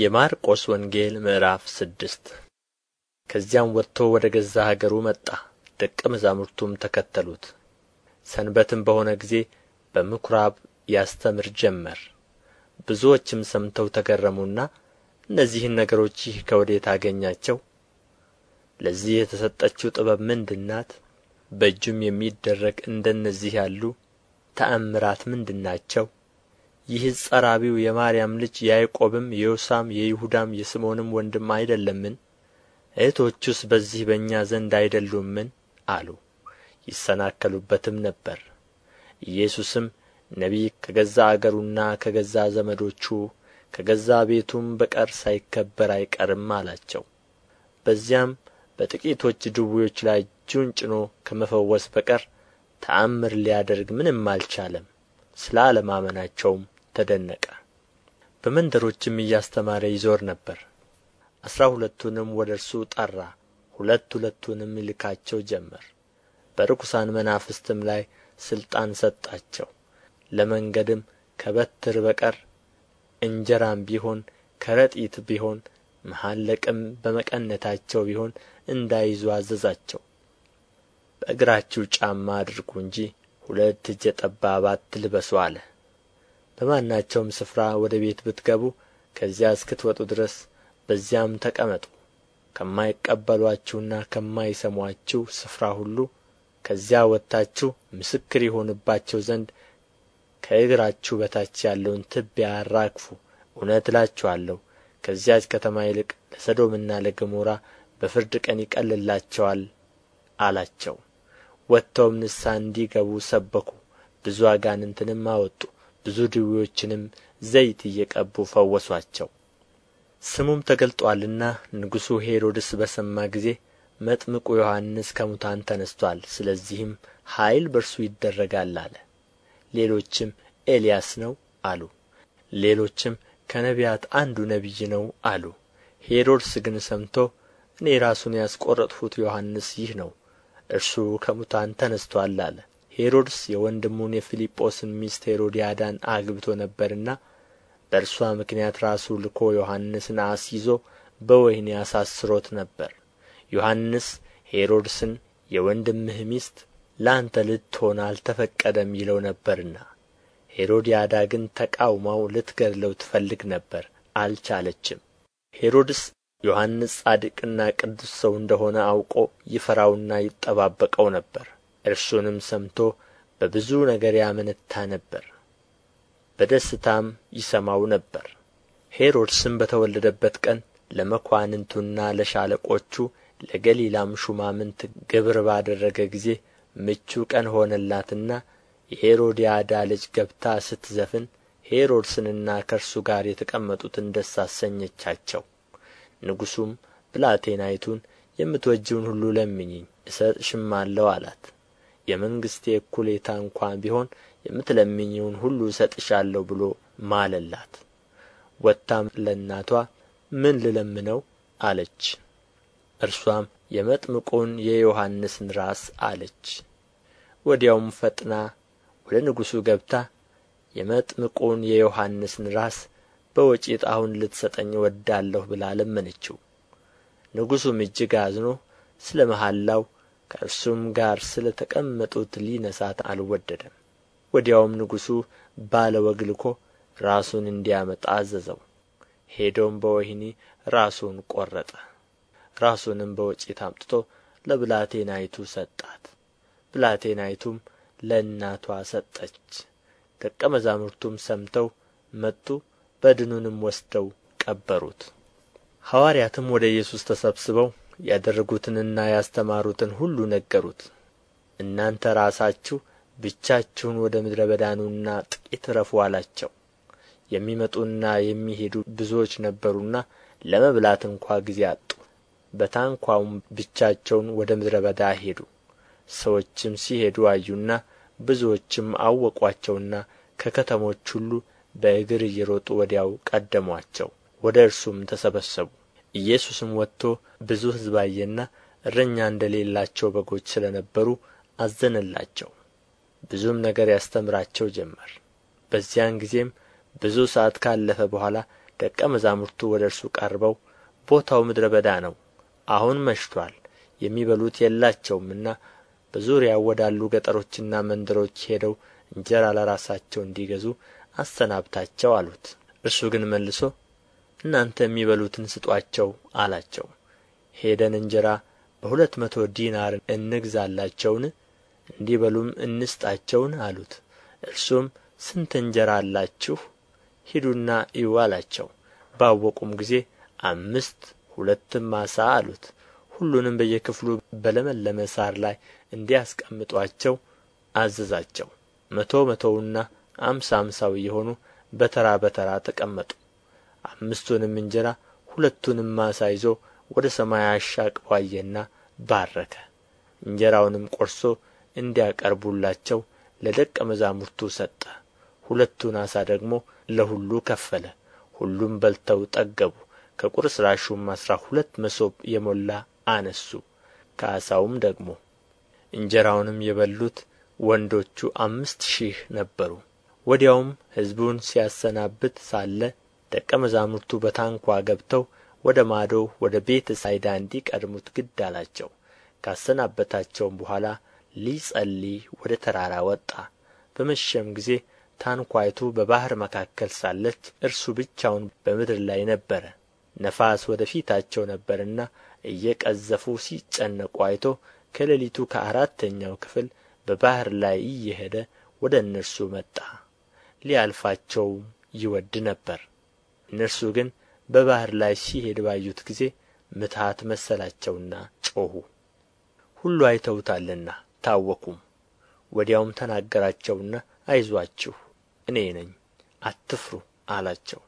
የማርቆስ ወንጌል ምዕራፍ ስድስት ከዚያም ወጥቶ ወደ ገዛ አገሩ መጣ ደቀ መዛሙርቱም ተከተሉት ሰንበትም በሆነ ጊዜ በምኵራብ ያስተምር ጀመር ብዙዎችም ሰምተው ተገረሙና እነዚህን ነገሮች ይህ ከወዴት አገኛቸው ለዚህ የተሰጠችው ጥበብ ምንድናት? ናት በእጁም የሚደረግ እንደነዚህ ያሉ ተአምራት ምንድናቸው? ናቸው ይህ ጸራቢው የማርያም ልጅ ያዕቆብም የዮሳም የይሁዳም የስምዖንም ወንድም አይደለምን እህቶቹስ በዚህ በእኛ ዘንድ አይደሉምን አሉ ይሰናከሉበትም ነበር ኢየሱስም ነቢይ ከገዛ አገሩና ከገዛ ዘመዶቹ ከገዛ ቤቱም በቀር ሳይከበር አይቀርም አላቸው። በዚያም በጥቂቶች ድውዮች ላይ እጁን ጭኖ ከመፈወስ በቀር ተአምር ሊያደርግ ምንም አልቻለም። ስለ አለማመናቸውም ተደነቀ። በመንደሮችም እያስተማረ ይዞር ነበር። አስራ ሁለቱንም ወደ እርሱ ጠራ፣ ሁለት ሁለቱንም ይልካቸው ጀመር። በርኩሳን መናፍስትም ላይ ሥልጣን ሰጣቸው። ለመንገድም ከበትር በቀር እንጀራም ቢሆን ከረጢት ቢሆን መሐለቅም በመቀነታቸው ቢሆን እንዳይዙ አዘዛቸው። በእግራችሁ ጫማ አድርጉ እንጂ ሁለት እጀ ጠባብ አትልበሱ አለ። በማናቸውም ስፍራ ወደ ቤት ብትገቡ ከዚያ እስክትወጡ ድረስ በዚያም ተቀመጡ ከማይቀበሏችሁና ከማይሰሟችሁ ስፍራ ሁሉ ከዚያ ወጥታችሁ ምስክር ይሆንባቸው ዘንድ ከእግራችሁ በታች ያለውን ትቢያ አራግፉ እውነት እላችኋለሁ ከዚያች ከተማ ይልቅ ለሰዶምና ለገሞራ በፍርድ ቀን ይቀልላቸዋል አላቸው ወጥተውም ንስሐ እንዲገቡ ሰበኩ ብዙ አጋንንትንም አወጡ ብዙ ድውዮችንም ዘይት እየቀቡ ፈወሱአቸው ስሙም ተገልጦአልና ንጉሡ ሄሮድስ በሰማ ጊዜ መጥምቁ ዮሐንስ ከሙታን ተነስቷል። ስለዚህም ኃይል በእርሱ ይደረጋል አለ ሌሎችም ኤልያስ ነው አሉ ሌሎችም ከነቢያት አንዱ ነቢይ ነው አሉ ሄሮድስ ግን ሰምቶ እኔ ራሱን ያስቈረጥሁት ዮሐንስ ይህ ነው እርሱ ከሙታን ተነስቶአል አለ ሄሮድስ የወንድሙን የፊልጶስን ሚስት ሄሮድያዳን አግብቶ ነበርና በእርሷ ምክንያት ራሱ ልኮ ዮሐንስን አስይዞ በወህኒ አሳስሮት ነበር ዮሐንስ ሄሮድስን የወንድምህ ሚስት ለአንተ ልትሆን አልተፈቀደም ይለው ነበርና ሄሮድያዳ ግን ተቃውማው ልትገድለው ትፈልግ ነበር አልቻለችም ሄሮድስ ዮሐንስ ጻድቅና ቅዱስ ሰው እንደሆነ አውቆ ይፈራውና ይጠባበቀው ነበር እርሱንም ሰምቶ በብዙ ነገር ያመነታ ነበር በደስታም ይሰማው ነበር ሄሮድስም በተወለደበት ቀን ለመኳንንቱና ለሻለቆቹ ለገሊላም ሹማምንት ግብር ባደረገ ጊዜ ምቹ ቀን ሆነላትና የሄሮድያዳ ልጅ ገብታ ስትዘፍን ሄሮድስንና ከእርሱ ጋር የተቀመጡትን ደስ አሰኘቻቸው። ንጉሡም ብላቴናይቱን የምትወጂውን ሁሉ ለምኚኝ እሰጥሽማለሁ አላት። የመንግሥቴ እኩሌታ እንኳ ቢሆን የምትለምኚውን ሁሉ እሰጥሻለሁ ብሎ ማለላት ወጥታም ለእናቷ ምን ልለምነው አለች እርሷም የመጥምቁን የዮሐንስን ራስ አለች ወዲያውም ፈጥና ወደ ንጉሡ ገብታ የመጥምቁን የዮሐንስን ራስ በወጪት አሁን ልትሰጠኝ ወዳለሁ ብላ ለመነችው ንጉሡም እጅግ አዝኖ ስለ መሐላው ከእርሱም ጋር ስለ ተቀመጡት ሊነሣት አልወደደም ወዲያውም ንጉሡ ባለ ወግ ልኮ ራሱን እንዲያመጣ አዘዘው ሄዶም በወህኒ ራሱን ቈረጠ ራሱንም በወጪት አምጥቶ ለብላቴናይቱ ሰጣት ብላቴናይቱም ለእናቷ ሰጠች ደቀ መዛሙርቱም ሰምተው መጡ በድኑንም ወስደው ቀበሩት ሐዋርያትም ወደ ኢየሱስ ተሰብስበው ያደረጉትንና ያስተማሩትን ሁሉ ነገሩት እናንተ ራሳችሁ ብቻችሁን ወደ ምድረ በዳ ኑና ጥቂት ዕረፉ አላቸው የሚመጡና የሚሄዱ ብዙዎች ነበሩና ለመብላት እንኳ ጊዜ አጡ በታንኳውም ብቻቸውን ወደ ምድረ በዳ ሄዱ ሰዎችም ሲሄዱ አዩና ብዙዎችም አወቋቸውና ከከተሞች ሁሉ በእግር እየሮጡ ወዲያው ቀደሟቸው ወደ እርሱም ተሰበሰቡ ኢየሱስም ወጥቶ ብዙ ሕዝብ አየና እረኛ እንደሌላቸው በጎች ስለ ነበሩ አዘነላቸው ብዙም ነገር ያስተምራቸው ጀመር በዚያን ጊዜም ብዙ ሰዓት ካለፈ በኋላ ደቀ መዛሙርቱ ወደ እርሱ ቀርበው ቦታው ምድረ በዳ ነው አሁን መሽቶአል የሚበሉት የላቸውምና በዙሪያው ወዳሉ ገጠሮችና መንደሮች ሄደው እንጀራ ለራሳቸው እንዲገዙ አሰናብታቸው አሉት እርሱ ግን መልሶ እናንተ የሚበሉትን ስጧቸው አላቸው ሄደን እንጀራ በሁለት መቶ ዲናር እንግዛላቸውን እንዲበሉም እንስጣቸውን አሉት እርሱም ስንት እንጀራ አላችሁ ሂዱና እዩ አላቸው ባወቁም ጊዜ አምስት ሁለትም ዓሣ አሉት ሁሉንም በየክፍሉ በለመለመ ሳር ላይ እንዲያስቀምጧቸው አዘዛቸው መቶ መቶውና አምሳ አምሳው እየሆኑ በተራ በተራ ተቀመጡ አምስቱንም እንጀራ ሁለቱንም ዓሣ ይዞ ወደ ሰማይ አሻቅቦ አየና ባረከ እንጀራውንም ቈርሶ እንዲያቀርቡላቸው ለደቀ መዛሙርቱ ሰጠ ሁለቱን ዓሣ ደግሞ ለሁሉ ከፈለ ሁሉም በልተው ጠገቡ ከቁርስራሹም አሥራ ሁለት መሶብ የሞላ አነሱ ከዓሣውም ደግሞ እንጀራውንም የበሉት ወንዶቹ አምስት ሺህ ነበሩ ወዲያውም ሕዝቡን ሲያሰናብት ሳለ ደቀ መዛሙርቱ በታንኳ ገብተው ወደ ማዶ ወደ ቤተ ሳይዳ እንዲቀድሙት ግድ አላቸው ካሰናበታቸውም በኋላ ሊጸልይ ወደ ተራራ ወጣ በመሸም ጊዜ ታንኳይቱ በባሕር መካከል ሳለች እርሱ ብቻውን በምድር ላይ ነበረ ነፋስ ወደ ፊታቸው ነበርና እየቀዘፉ ሲጨነቁ አይቶ ከሌሊቱ ከአራተኛው ክፍል በባሕር ላይ እየሄደ ወደ እነርሱ መጣ ሊያልፋቸውም ይወድ ነበር እነርሱ ግን በባሕር ላይ ሲሄድ ባዩት ጊዜ ምትሐት መሰላቸውና ጮኹ ሁሉ አይተውታልና ታወኩም ወዲያውም ተናገራቸውና አይዟችሁ፣ እኔ ነኝ አትፍሩ አላቸው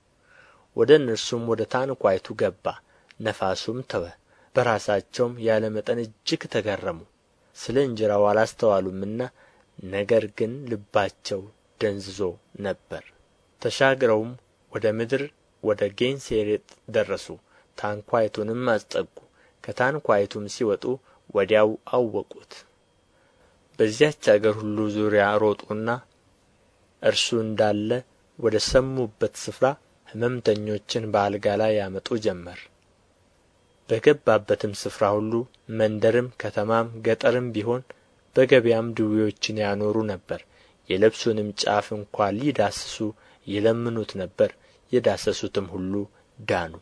ወደ እነርሱም ወደ ታንኳይቱ ገባ ነፋሱም ተወ በራሳቸውም ያለ መጠን እጅግ ተገረሙ ስለ እንጀራው አላስተዋሉምና ነገር ግን ልባቸው ደንዝዞ ነበር ተሻግረውም ወደ ምድር ወደ ጌንሴሬጥ ደረሱ ታንኳይቱንም አስጠጉ ከታንኳይቱም ሲወጡ ወዲያው አወቁት በዚያች አገር ሁሉ ዙሪያ ሮጡና እርሱ እንዳለ ወደ ሰሙበት ስፍራ ሕመምተኞችን በአልጋ ላይ ያመጡ ጀመር። በገባበትም ስፍራ ሁሉ መንደርም፣ ከተማም፣ ገጠርም ቢሆን በገበያም ድውዮችን ያኖሩ ነበር። የልብሱንም ጫፍ እንኳ ሊዳስሱ ይለምኑት ነበር። የዳሰሱትም ሁሉ ዳኑ